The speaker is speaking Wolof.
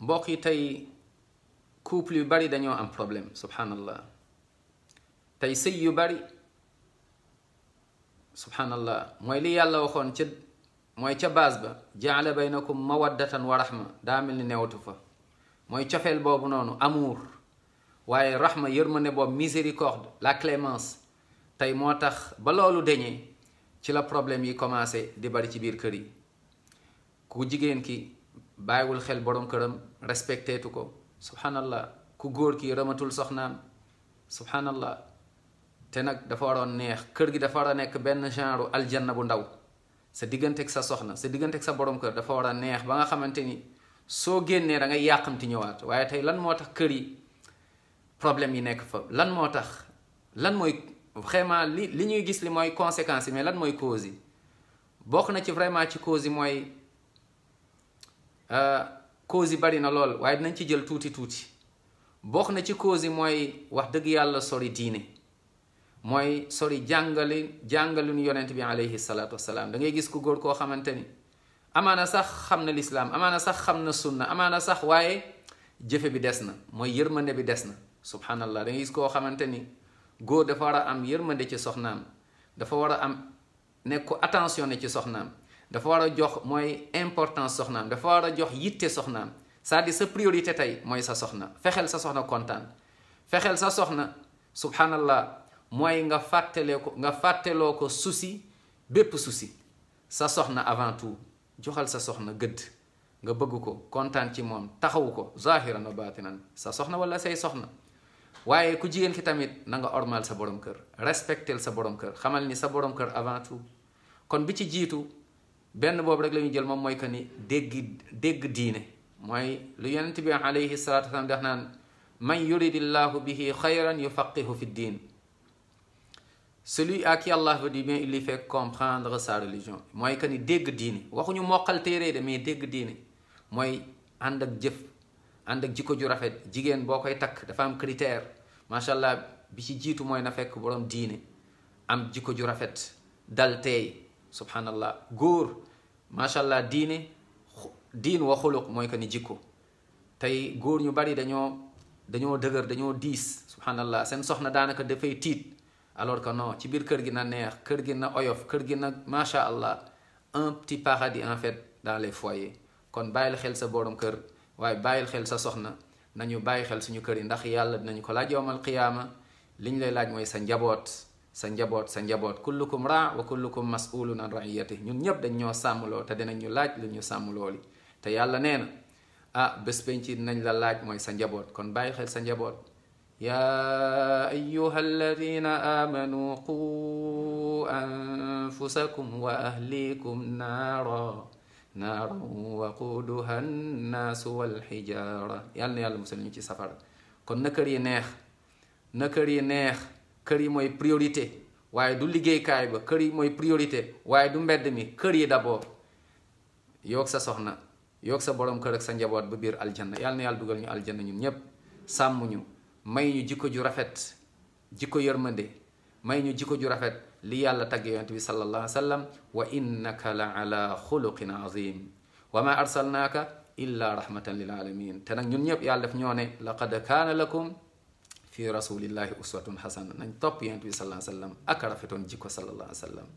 mbokk yi tey couple yu bari dañoo am problème subhanallah tey sëy yu bari subhanallah mooy li yàlla waxoon ca mooy ca baas ba jaale baynakum mawaddatan wa rahma daa mel ni newatu fa mooy cofeel boobu noonu amour waaye rahma ne boobu miséricorde la clémence tey moo tax ba loolu deñee ci la problème yi commencé di bari ci biir kër yi ku jigéen ki bàyyiwul xel borom këram tu ko subhanallah ku góor ki ramatul soxnaam subhanallah te nag dafa waroon neex kër gi dafa war a nekk benn genre aljanna bu ndaw sa digganteeg sa soxna sa digganteeg sa borom kër dafa war a neex ba nga xamante ni soo génnee da ngay yàqamti ñëwaat waaye tey lan moo tax kër yi problème yi nekk fa lan moo tax lan mooy vraiment li li ñuy gis li mooy conséquence yi mais lan mooy causes yi bokk na ci vraiment ci causes Euh, cause yi bari na lool waaye dinañ ci jël tuuti tuuti bokk na ci cause yi mooy wax dëgg yàlla sori diine mooy sori jàngale jàngaluñu yonent bi aleyhi salaatu wasalaam da ngay gis ku góor koo xamante ni amaana sax xam na lislaam amaana sax xam na sunna amaana sax waaye jëfe bi des na mooy yërmande bi des na subhanallah da ngay gis koo xamante ni góor dafa war a am yërmande ci soxnaam dafa war a am nekk ko attention ne ci soxnaam dafa war a jox mooy importance soxnaam dafa war a jox yitte soxnaam cest di sa priorité tey mooy sa soxna fexeel sa soxna kontaan fexeel sa soxna subhanallah mooy nga fàttalee ko nga fàttaloo ko souci bépp souci sa soxna avant tout joxal sa soxna gëdd nga bëgg ko kontaan ci moom taxawu ko zahiran wa baatinan sa soxna wala say soxna waaye ku jigéen ki tamit na nga ormal sa borom kër respectel sa borom kër xamal ni sa borom kër avant tout kon bi ci jiitu benn boobu rek la ñu jël moom mooy que ni dégg dégg diine mooy lu yonent bi alayhi salaatu wasalaam di wax naan man yuridillahu bihi xayran yufaqihu fi diin celui à qui Allah veut du bien il lui fait comprendre sa religion mooy que ni dégg diine waxuñu moqal téere de mais dégg diine mooy ànd ak jëf ànd ak jikko ju rafet jigéen boo koy takk dafa am critère macha allah bi ci jiitu mooy na fekk borom diine am jikko ju rafet dal teey góor macha allah diine diin wa xuluq mooy que ni jikko tey góor ñu bari dañoo dañoo dëgër dañoo diis subhanallah seen soxna daanaka dafay tiit alors que non ci biir kër gi na neex kër gi na oyof kër gi na macha allah un petit paradis en fait dans lay foyers kon bàyyil xel sa borom kër waaye bàyyil xel sa soxna nañu bàyyi xel suñu kër yi ndax yàlla dinañu ko laaj yowmal qiyaama li ñu lay laaj mooy sa njaboot sa njaboot sa njaboot kullukum raa wa kullukum mas'ulun an ra'iyati ñun ñépp dañ ñoo te dinañ ñu laaj lu ñu sàmmloo li te yàlla nee na ah nañ la laaj mooy sa njaboot kon bàyyi xel sa njaboot yaa ayuha alladina amanu qu anfusakum wa ahlikum naara naaran waquuduha annaasu walxijaara yàlla na yàlla ñu ci safara kon na neex kër yi mooy priorité waaye du liggéeykaay ba kër yi mooy priorité waaye du mbedd mi kër yi d'abord yoog sa soxna yoog sa borom kër ak sa njaboot ba biir aljanna yàlla na yàlla dugal ñu aljanna ñun ñépp sàmm ñu may ñu jikko ju rafet jikko yërmande may ñu jikko ju rafet li yàlla tagg yonent bi sallallahu alayhi wa sallam wa la ala xuluqin azim wa ma arsalnaaka illa rahmatan lil alamin te nag ñun ñëpp yàlla daf ñoo ne laqad kaana lakum fii rasulillahi uswatun xasana nañ topp yonent bi sallallahu alayhi wa sallam ak rafetoon jikko sallallahu alayhi wa sallam